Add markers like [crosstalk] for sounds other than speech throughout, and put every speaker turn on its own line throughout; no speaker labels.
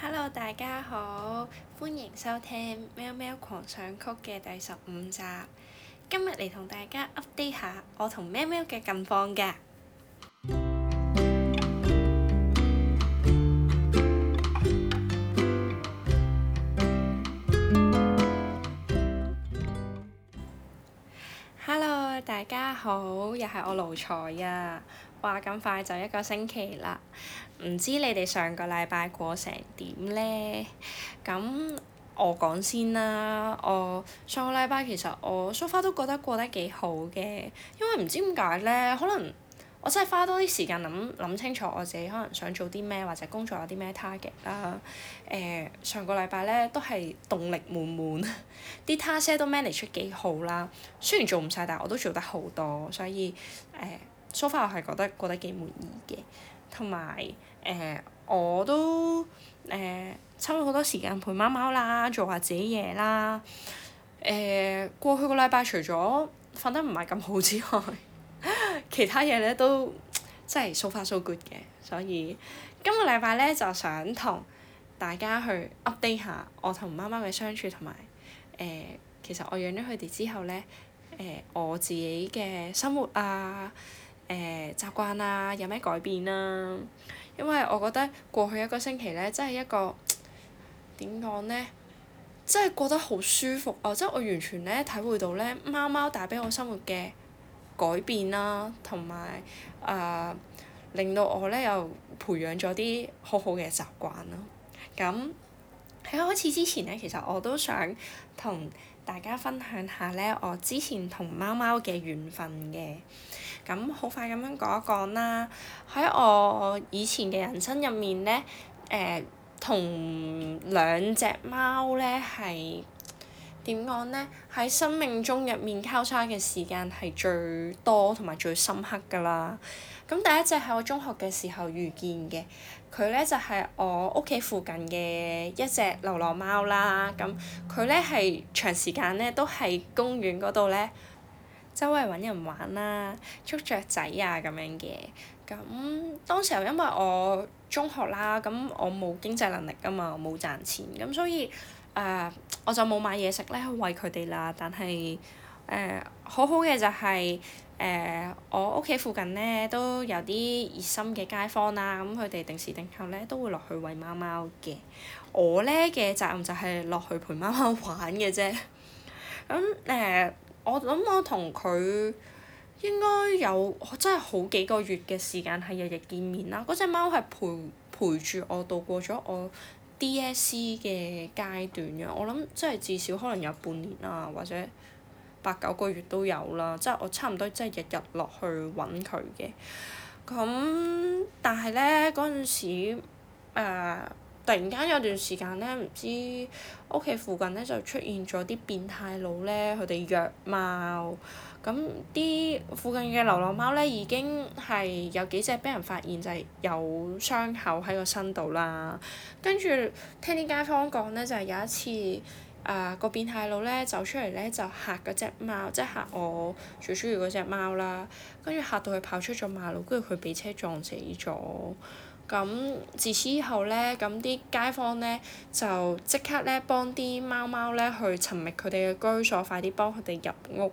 Hello，大家好，歡迎收聽《喵喵狂想曲》嘅第十五集。今日嚟同大家 update 下我同喵喵嘅近況㗎。好，又係我奴才啊。話咁快就一個星期啦，唔知你哋上個禮拜過成點咧？咁我講先啦，我上個禮拜其實我蘇花都覺得過得幾好嘅，因為唔知點解咧，可能。我真係花多啲時間諗諗清楚我自己可能想做啲咩，或者工作有啲咩 target 啦。誒、呃，上個禮拜咧都係動力滿滿，啲 [laughs] task 都 manage 出幾好啦。雖然做唔晒，但係我都做得好多，所以誒、呃、so far 我係覺得覺得幾滿意嘅。同埋誒我都誒、呃、抽咗好多時間陪貓貓啦，做下自己嘢啦。誒、呃，過去個禮拜除咗瞓得唔係咁好之外，其他嘢咧都即係 so far so good 嘅，所以今個禮拜咧就想同大家去 update 下我同貓貓嘅相處同埋誒，其實我養咗佢哋之後咧誒、呃，我自己嘅生活啊誒、呃、習慣啊有咩改變啊？因為我覺得過去一個星期咧，真係一個點講咧，真係過得好舒服啊！即係我完全咧體會到咧貓貓帶俾我生活嘅改變啦，同埋誒令到我咧又培養咗啲好好嘅習慣啦。咁喺開始之前咧，其實我都想同大家分享下咧我之前同貓貓嘅緣分嘅。咁、嗯、好快咁樣講一講啦！喺我以前嘅人生入面咧，誒、呃、同兩隻貓咧係。點講咧？喺生命中入面交叉嘅時間係最多同埋最深刻㗎啦。咁第一隻係我中學嘅時候遇見嘅，佢咧就係我屋企附近嘅一隻流浪貓啦。咁佢咧係長時間咧都喺公園嗰度咧，周圍揾人玩啦，捉雀仔啊咁樣嘅。咁當時候因為我中學啦，咁我冇經濟能力㗎嘛，冇賺錢，咁所以。誒、uh, 我就冇買嘢食咧餵佢哋啦，但係誒、uh, 好好嘅就係、是、誒、uh, 我屋企附近咧都有啲熱心嘅街坊啦、啊，咁佢哋定時定候咧都會落去餵貓貓嘅。我咧嘅責任就係落去陪貓貓玩嘅啫。咁 [laughs] 誒，uh, 我諗我同佢應該有真係好幾個月嘅時間係日日見面啦。嗰隻貓係陪陪住我度過咗我 DSE 嘅階段啊，我諗即係至少可能有半年啦，或者八九個月都有啦，即係我差唔多即係日日落去揾佢嘅。咁但係咧嗰陣時誒。呃突然間有段時間咧，唔知屋企附近咧就出現咗啲變態佬咧，佢哋虐貓。咁啲附近嘅流浪貓咧，已經係有幾隻俾人發現就係有傷口喺個身度啦。跟住聽啲街坊講咧，就係、是、有一次誒、呃嗰個變態佬咧走出嚟咧，就嚇嗰隻貓，即係嚇我最中意嗰隻貓啦。跟住嚇到佢跑出咗馬路，跟住佢俾車撞死咗。咁自此以後咧，咁啲街坊咧就即刻咧幫啲貓貓咧去尋覓佢哋嘅居所，快啲幫佢哋入屋。誒、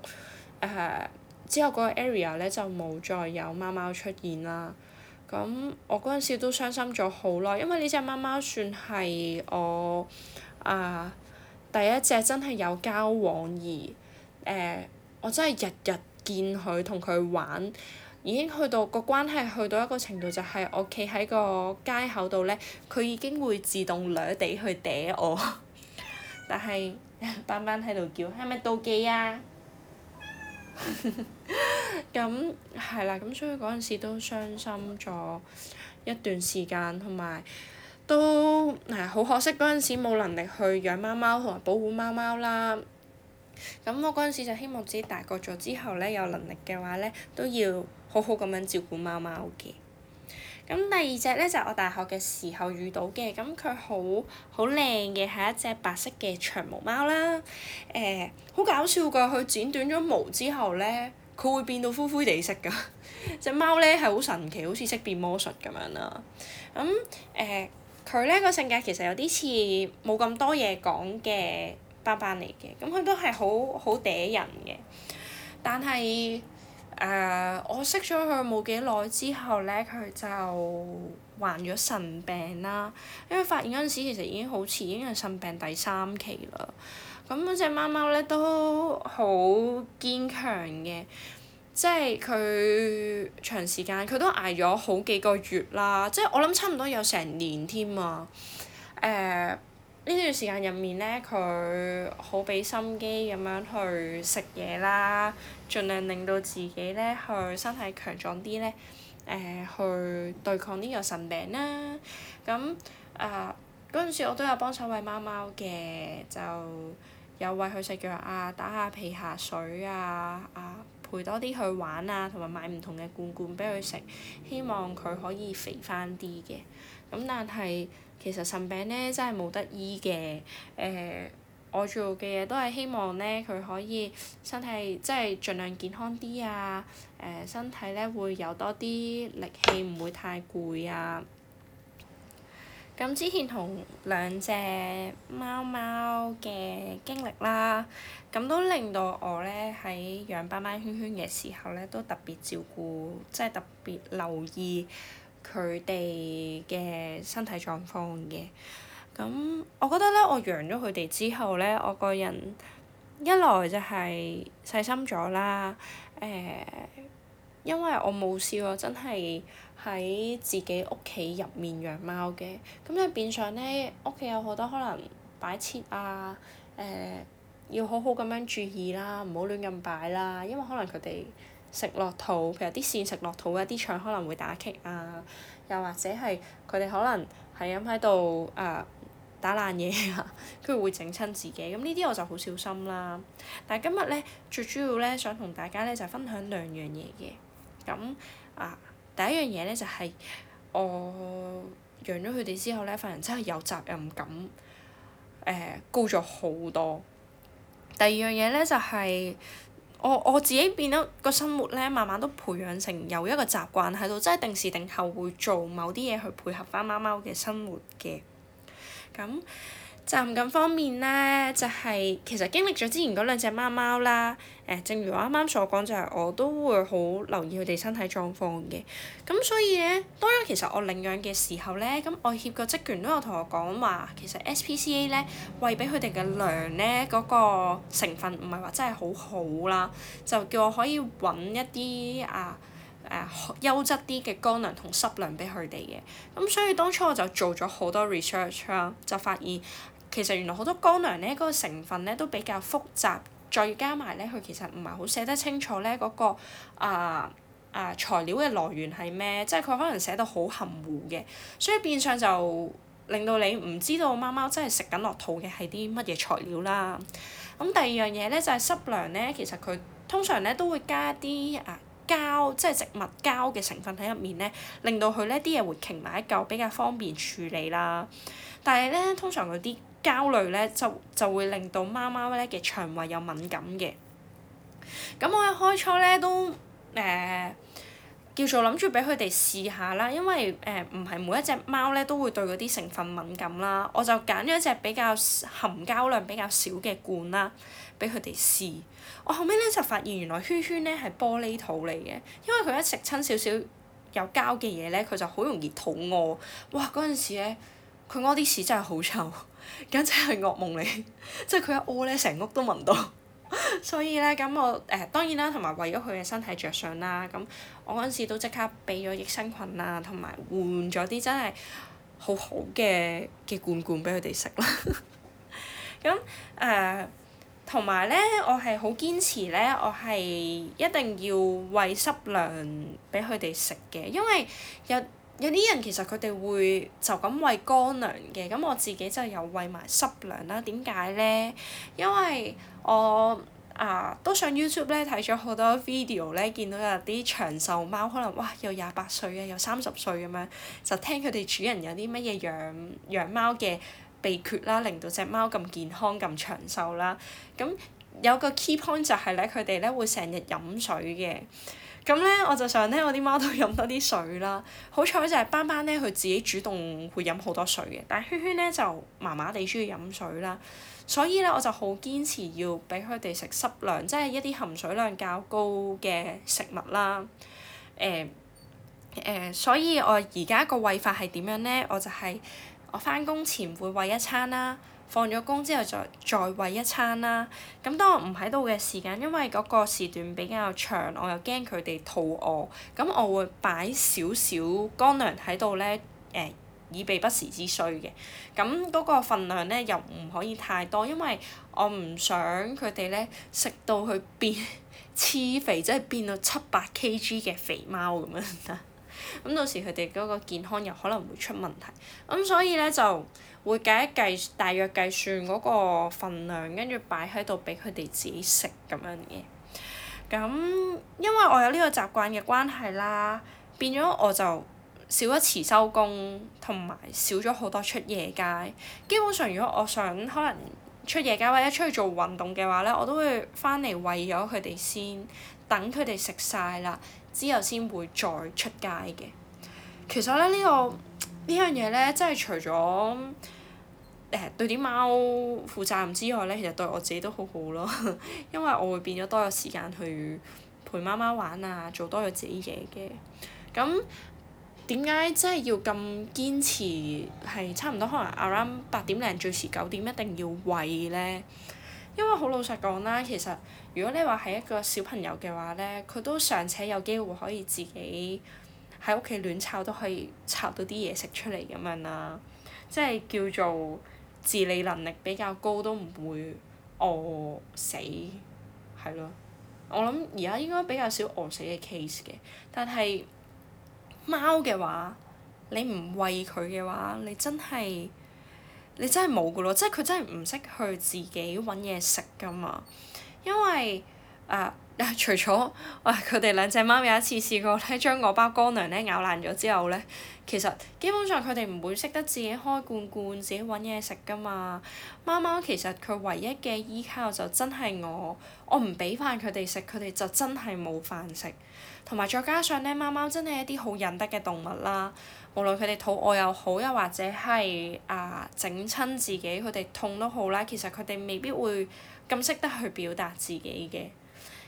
uh, 之後嗰個 area 咧就冇再有貓貓出現啦。咁我嗰陣時都傷心咗好耐，因為呢隻貓貓算係我啊、uh, 第一隻真係有交往而誒，uh, 我真係日日見佢同佢玩。已經去到個關係去到一個程度，就係我企喺個街口度呢，佢已經會自動掠地去嗲我。 [laughs] 但係斑斑喺度叫，係咪妒忌啊？咁係啦，咁所以嗰陣時都傷心咗一段時間，同埋都誒好可惜嗰陣時冇能力去養貓貓同埋保護貓貓啦。咁我嗰陣時就希望自己大個咗之後呢，有能力嘅話呢，都要，好好咁樣照顧貓貓嘅，咁第二隻咧就係，我大學嘅時候遇到嘅，咁佢好好靚嘅係一隻白色嘅長毛貓啦，誒、呃、好搞笑噶，佢剪短咗毛之後咧，佢會變到灰灰地色噶， [laughs] 隻貓咧係好神奇，好似識變魔術咁樣啦，咁誒佢咧個性格其實有啲似冇咁多嘢講嘅斑斑嚟嘅，咁佢都係好好嗲人嘅，但係。誒，uh, 我識咗佢冇幾耐之後咧，佢就患咗腎病啦。因為發現嗰陣時，其實已經好似已經係腎病第三期啦。咁嗰隻貓貓咧都好堅強嘅，即係佢長時間佢都挨咗好幾個月啦，即係我諗差唔多有成年添啊。誒、uh。呢段時間入面咧，佢好俾心機咁樣去食嘢啦，盡量令到自己咧去身體強壯啲咧，誒、呃、去對抗呢個腎病啦。咁啊，嗰、呃、陣時我都有幫手餵貓貓嘅，就有餵佢食藥啊，打下皮下水啊，啊陪多啲去玩啊，同埋買唔同嘅罐罐俾佢食，希望佢可以肥翻啲嘅。咁但係其實腎病咧真係冇得醫嘅，誒、呃、我做嘅嘢都係希望咧佢可以身體即係盡量健康啲啊，誒、呃、身體咧會有多啲力氣，唔會太攰啊。咁之前同兩隻貓貓嘅經歷啦，咁都令到我咧喺養斑斑圈圈嘅時候咧，都特別照顧，即係特別留意佢哋嘅身體狀況嘅，咁我覺得咧，我養咗佢哋之後咧，我個人一來就係細心咗啦，誒、呃，因為我冇試過真係喺自己屋企入面養貓嘅，咁咧變相咧屋企有好多可能擺設啊，誒、呃，要好好咁樣注意啦，唔好亂咁擺啦，因為可能佢哋食落肚，譬如啲線食落肚嘅，啲腸可能會打㗋啊，又或者係佢哋可能係咁喺度誒打爛嘢啊，跟 [laughs] 住會整親自己，咁呢啲我就好小心啦。但係今日咧，最主要咧想同大家咧就是、分享兩樣嘢嘅，咁啊第一樣嘢咧就係、是、我養咗佢哋之後咧，份人真係有責任感誒、呃、高咗好多。第二樣嘢咧就係、是。我我自己變咗個生活咧，慢慢都培養成有一個習慣喺度，即係定時定候會做某啲嘢去配合翻貓貓嘅生活嘅，咁。責任感方面咧，就係、是、其實經歷咗之前嗰兩隻貓貓啦，誒、呃、正如我啱啱所講，就係我都會好留意佢哋身體狀況嘅。咁所以咧，當然其實我領養嘅時候咧，咁外協個職員都有同我講話，其實 SPCA 咧餵俾佢哋嘅糧咧嗰個成分唔係話真係好好啦，就叫我可以揾一啲啊誒優質啲嘅乾糧同濕糧俾佢哋嘅。咁、啊、所以當初我就做咗好多 research 啦，就發現。其實原來好多乾糧咧，嗰個成分咧都比較複雜，再加埋咧，佢其實唔係好寫得清楚咧嗰個啊啊材料嘅來源係咩，即係佢可能寫到好含糊嘅，所以變相就令到你唔知道貓貓真係食緊落肚嘅係啲乜嘢材料啦。咁第二樣嘢咧就係濕糧咧，其實佢通常咧都會加一啲啊膠，即係植物膠嘅成分喺入面咧，令到佢咧啲嘢會攏埋一嚿，比較方便處理啦。但係咧，通常嗰啲膠類咧就就會令到貓貓咧嘅腸胃有敏感嘅，咁我一開初咧都誒、呃、叫做諗住俾佢哋試下啦，因為誒唔係每一隻貓咧都會對嗰啲成分敏感啦，我就揀咗一隻比較含膠量比較少嘅罐啦，俾佢哋試。我後尾咧就發現原來圈圈咧係玻璃肚嚟嘅，因為佢一食親少少有膠嘅嘢咧，佢就好容易肚餓。哇！嗰陣時咧～佢屙啲屎真係好臭，簡直係噩夢嚟。即係佢一屙咧，成屋都聞到。 [laughs] 所以咧，咁我誒、呃、當然啦，同埋為咗佢嘅身體着想啦，咁我嗰陣時都即刻俾咗益生菌啦，同埋換咗啲真係好好嘅嘅罐罐俾佢哋食啦。咁 [laughs] 誒，同埋咧，我係好堅持咧，我係一定要餵濕糧俾佢哋食嘅，因為有。有啲人其實佢哋會就咁餵乾糧嘅，咁我自己就又餵埋濕糧啦。點解咧？因為我啊都上 YouTube 咧睇咗好多 video 咧，見到有啲長壽貓可能哇有廿八歲啊，有三十歲咁樣，就聽佢哋主人有啲乜嘢養養貓嘅秘訣啦，令到隻貓咁健康咁長壽啦。咁有個 key point 就係咧，佢哋咧會成日飲水嘅。咁咧我就想咧我啲貓都飲多啲水啦，好彩就係斑斑咧佢自己主動會飲好多水嘅，但係圈圈咧就麻麻地中意飲水啦，所以咧我就好堅持要俾佢哋食濕糧，即係一啲含水量較高嘅食物啦。誒誒，所以我而家個餵法係點樣咧？我就係我翻工前會餵一餐啦。放咗工之後再，再再餵一餐啦。咁當我唔喺度嘅時間，因為嗰個時段比較長，我又驚佢哋肚餓，咁我會擺少少乾糧喺度咧。誒、呃，以備不時之需嘅。咁嗰、嗰個份量咧又唔可以太多，因為我唔想佢哋咧食到去變黐 [laughs] 肥，即係變到七八 Kg 嘅肥貓咁樣啦。咁 [laughs] 到時佢哋嗰個健康又可能會出問題。咁所以咧就。會計一計大約計算嗰個份量，跟住擺喺度俾佢哋自己食咁樣嘅。咁因為我有呢個習慣嘅關係啦，變咗我就少一遲收工，同埋少咗好多出夜街。基本上，如果我想可能出夜街或者出去做運動嘅話咧，我都會翻嚟餵咗佢哋先，等佢哋食晒啦，之後先會再出街嘅。其實咧，這個這個，呢個呢樣嘢咧，即係除咗～誒對啲貓負責任之外咧，其實對我自己都好好咯，因為我會變咗多有時間去陪貓貓玩啊，做多咗自己嘢嘅。咁點解真係要咁堅持係差唔多可能 around 八點零最遲九點一定要餵咧？因為好老實講啦，其實如果你話係一個小朋友嘅話咧，佢都尚且有機會可以自己喺屋企亂摻都可以摻到啲嘢食出嚟咁樣啦，即係叫做～自理能力比較高都唔會餓死，係咯。我諗而家應該比較少餓死嘅 case 嘅，但係貓嘅話，你唔餵佢嘅話，你真係你真係冇㗎咯，即係佢真係唔識去自己揾嘢食㗎嘛，因為誒。呃但係、啊，除咗，喂、啊，佢哋兩隻貓有一次試過咧，將嗰包乾糧咧咬爛咗之後咧，其實基本上佢哋唔會識得自己開罐罐、自己揾嘢食㗎嘛。貓貓其實佢唯一嘅依靠就真係我，我唔俾飯佢哋食，佢哋就真係冇飯食。同埋再加上咧，貓貓真係一啲好忍得嘅動物啦。無論佢哋肚餓又好，又或者係啊整親自己，佢哋痛都好啦。其實佢哋未必會咁識得去表達自己嘅。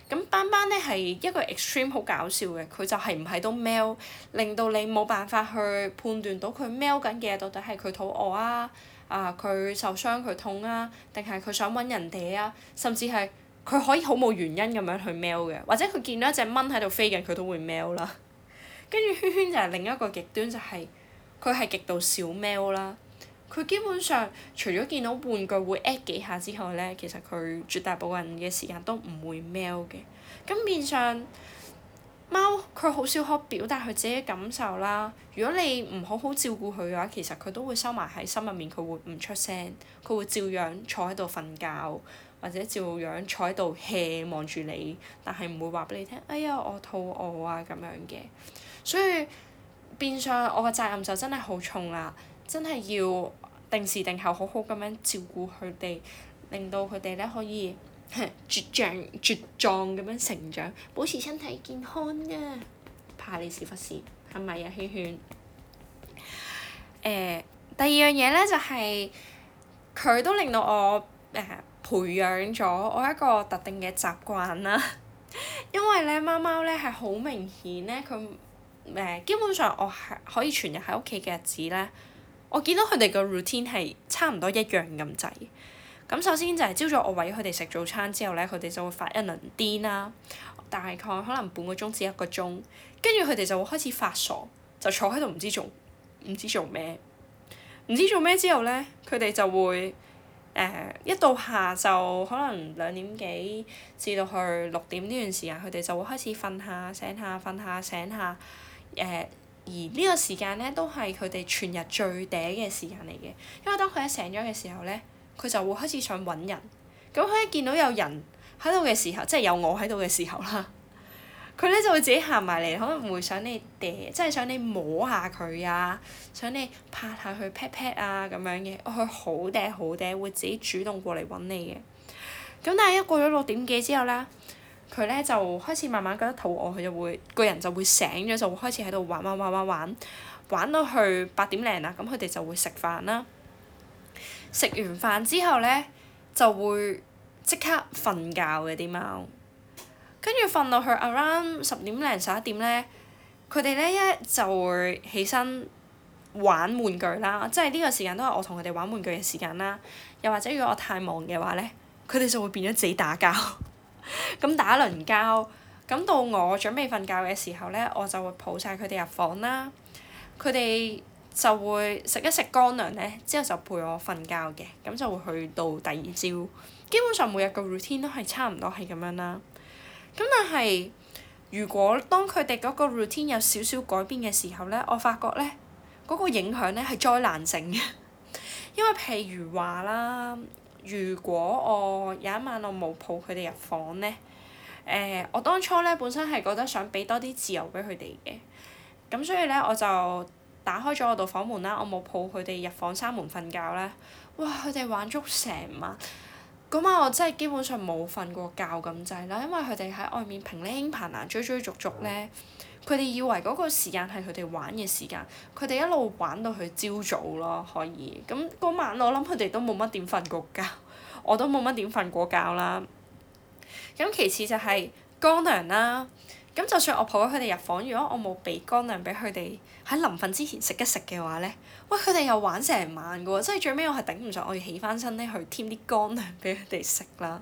咁斑斑咧係一個 extreme 好搞笑嘅，佢就係唔係都 mail，令到你冇辦法去判斷到佢 mail 緊嘅嘢到底係佢肚餓啊，啊佢受傷佢痛啊，定係佢想揾人哋啊，甚至係佢可以好冇原因咁樣去 mail 嘅，或者佢見到一隻蚊喺度飛緊佢都會 mail 啦。跟 [laughs] 住圈圈就係另一個極端，就係佢係極度少 mail 啦。佢基本上除咗見到玩具會 at 幾下之後咧，其實佢絕大部分嘅時間都唔會喵嘅。咁變相貓佢好少可表達佢自己嘅感受啦。如果你唔好好照顧佢嘅話，其實佢都會收埋喺心入面，佢會唔出聲，佢會照樣坐喺度瞓覺，或者照樣坐喺度 hea 望住你，但係唔會話俾你聽：哎呀，我肚餓啊咁樣嘅。所以變相我個責任就真係好重啦。真係要定時定候好好咁樣照顧佢哋，令到佢哋咧可以茁壯茁壯咁樣成長，保持身體健康啊！怕你時不時是忽屎，係咪呀，圈圈？誒、呃，第二樣嘢咧就係、是、佢都令到我誒、呃、培養咗我一個特定嘅習慣啦。 [laughs] 因為咧，貓貓咧係好明顯咧，佢誒、呃、基本上我係可以全日喺屋企嘅日子咧。我見到佢哋個 routine 係差唔多一樣咁滯。咁首先就係朝早我餵佢哋食早餐之後咧，佢哋就會發一輪癲啦。大概可能半個鐘至一個鐘，跟住佢哋就會開始發傻，就坐喺度唔知做唔知做咩，唔知做咩之後咧，佢哋就會誒、呃、一到下晝可能兩點幾至到去六點呢段時間，佢哋就會開始瞓下醒下瞓下醒下誒。而呢個時間咧，都係佢哋全日最嗲嘅時間嚟嘅，因為當佢一醒咗嘅時候咧，佢就會開始想揾人。咁佢一見到有人喺度嘅時候，即係有我喺度嘅時候啦，佢咧就會自己行埋嚟，可能會想你嗲，即係想你摸下佢啊，想你拍下佢 pat pat 啊咁樣嘅。佢好嗲好嗲，會自己主動過嚟揾你嘅。咁但係一過咗六點幾之後啦。佢咧就開始慢慢覺得肚餓，佢就會個人就會醒咗，就會開始喺度玩玩玩玩玩，玩到去八點零啦，咁佢哋就會食飯啦。食完飯之後咧，就會即刻瞓覺嘅啲貓。跟住瞓到去 around 十點零十一點咧，佢哋咧一就會起身玩玩具啦，即係呢個時間都係我同佢哋玩玩具嘅時間啦。又或者如果我太忙嘅話咧，佢哋就會變咗自己打交。咁打輪交，咁到我準備瞓覺嘅時候咧，我就會抱晒佢哋入房啦。佢哋就會食一食乾糧咧，之後就陪我瞓覺嘅，咁就會去到第二朝。基本上每日嘅 routine 都係差唔多係咁樣啦。咁但係，如果當佢哋嗰個 routine 有少少改變嘅時候咧，我發覺咧，嗰個影響咧係災難性嘅。 [laughs] 因為譬如話啦。如果我有一晚我冇抱佢哋入房咧，誒、呃，我當初咧本身係覺得想俾多啲自由俾佢哋嘅，咁所以咧我就打開咗我度房門啦，我冇抱佢哋入房閂門瞓覺啦。哇！佢哋玩足成晚。嗰晚我真係基本上冇瞓過覺咁滯啦，因為佢哋喺外面平咧興爬難追追逐逐咧，佢哋以為嗰個時間係佢哋玩嘅時間，佢哋一路玩到去朝早咯，可以。咁嗰晚我諗佢哋都冇乜點瞓過覺，我都冇乜點瞓過覺啦。咁其次就係乾糧啦。咁就算我抱咗佢哋入房，如果我冇俾乾糧俾佢哋喺臨瞓之前食一食嘅話咧，喂佢哋又玩成晚㗎喎，即係最尾我係頂唔上，我要起翻身咧去添啲乾糧俾佢哋食啦。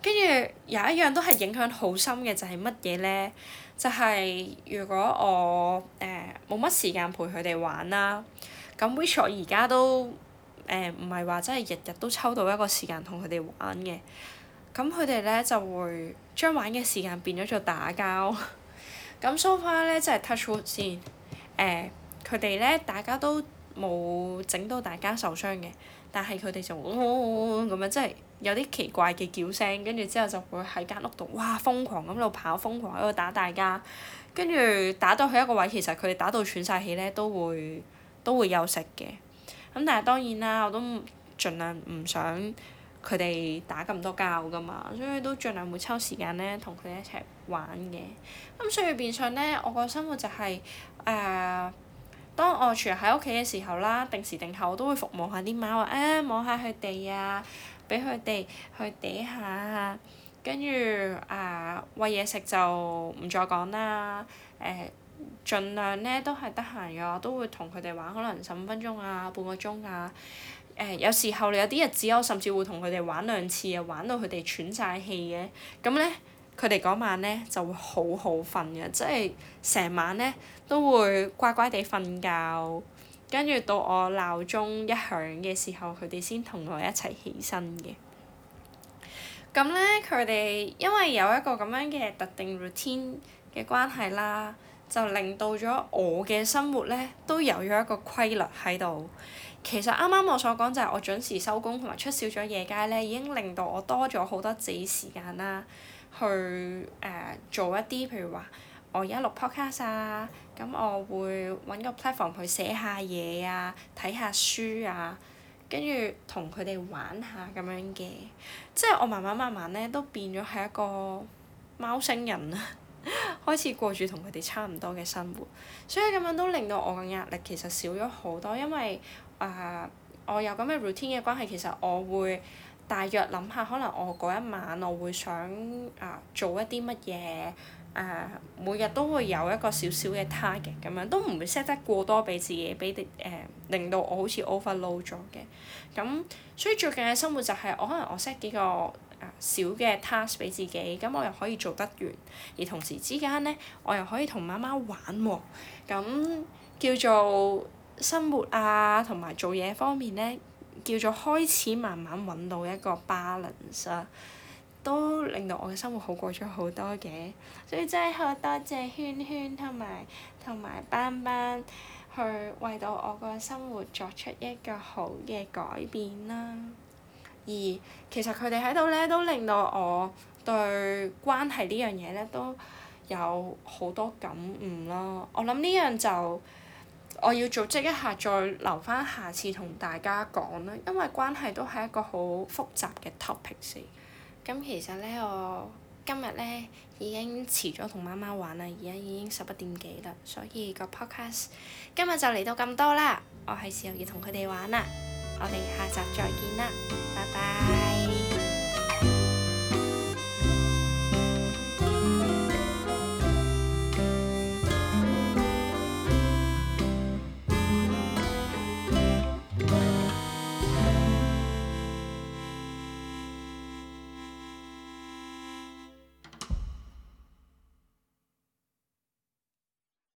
跟住有一樣都係影響好深嘅就係乜嘢咧？就係、是就是、如果我誒冇乜時間陪佢哋玩啦，咁 which 我而家都誒唔係話真係日日都抽到一個時間同佢哋玩嘅。咁佢哋咧就會將玩嘅時間變咗做打交。咁 so far 咧即係 touch wood 先，誒佢哋咧大家都冇整到大家受傷嘅，但係佢哋就嗡咁、哦哦哦、樣，即係有啲奇怪嘅叫聲，跟住之後就會喺間屋度哇瘋狂咁喺度跑，瘋狂喺度打大家，跟住打到去一個位，其實佢哋打到喘晒氣咧都會都會休息嘅。咁但係當然啦，我都盡量唔想。佢哋打咁多交㗎嘛，所以都盡量會抽時間咧同佢哋一齊玩嘅。咁、嗯、所以變相咧，我個生活就係、是、誒、呃，當我除喺屋企嘅時候啦，定時定候我、哎啊呃呃、我都會服務下啲貓啊，摸下佢哋啊，俾佢哋去地下啊，跟住啊餵嘢食就唔再講啦。誒，盡量咧都係得閒嘅話，都會同佢哋玩，可能十五分鐘啊，半個鐘啊。誒、嗯、有時候有啲日子，我甚至會同佢哋玩兩次嘅，玩到佢哋喘晒氣嘅。咁咧，佢哋嗰晚咧就會好好瞓嘅，即係成晚咧都會乖乖地瞓覺。跟住到我鬧鐘一響嘅時候，佢哋先同我一齊起身嘅。咁咧，佢哋因為有一個咁樣嘅特定 routine 嘅關係啦，就令到咗我嘅生活咧都有咗一個規律喺度。其實啱啱我所講就係我準時收工同埋出少咗夜街咧，已經令到我多咗好多自己時間啦。去誒、呃、做一啲，譬如話我而家錄 podcast 啊，咁我會揾個 platform 去寫下嘢啊，睇下書啊，跟住同佢哋玩下咁樣嘅。即係我慢慢慢慢咧，都變咗係一個貓星人啦。開始過住同佢哋差唔多嘅生活，所以咁樣都令到我嘅壓力其實少咗好多，因為啊、呃，我有咁嘅 routine 嘅關係，其實我會大約諗下，可能我嗰一晚我會想啊、呃、做一啲乜嘢，誒、呃、每日都會有一個少少嘅 target 咁樣，都唔會 set 得過多俾自己，俾啲誒令到我好似 overload 咗嘅。咁、嗯、所以最近嘅生活就係、是、我可能我 set 幾個。啊，小嘅 task 俾自己，咁我又可以做得完，而同時之間咧，我又可以同貓貓玩喎，啊，咁叫做生活啊，同埋做嘢方面咧，叫做開始慢慢揾到一個 balance 啊，都令到我嘅生活好過咗好多嘅，所以真係好多謝圈圈同埋同埋斑斑去為到我個生活作出一個好嘅改變啦，啊～而其實佢哋喺度咧，都令到我對關係呢樣嘢咧都有好多感悟咯。我諗呢樣就我要組織一下，再留翻下次同大家講啦。因為關係都係一個好複雜嘅 topic。事咁其實咧，我今日咧已經遲咗同媽媽玩啦，而家已經十一點幾啦，所以個 podcast 今日就嚟到咁多啦。我係時候要同佢哋玩啦。我哋下集再見啦，拜拜。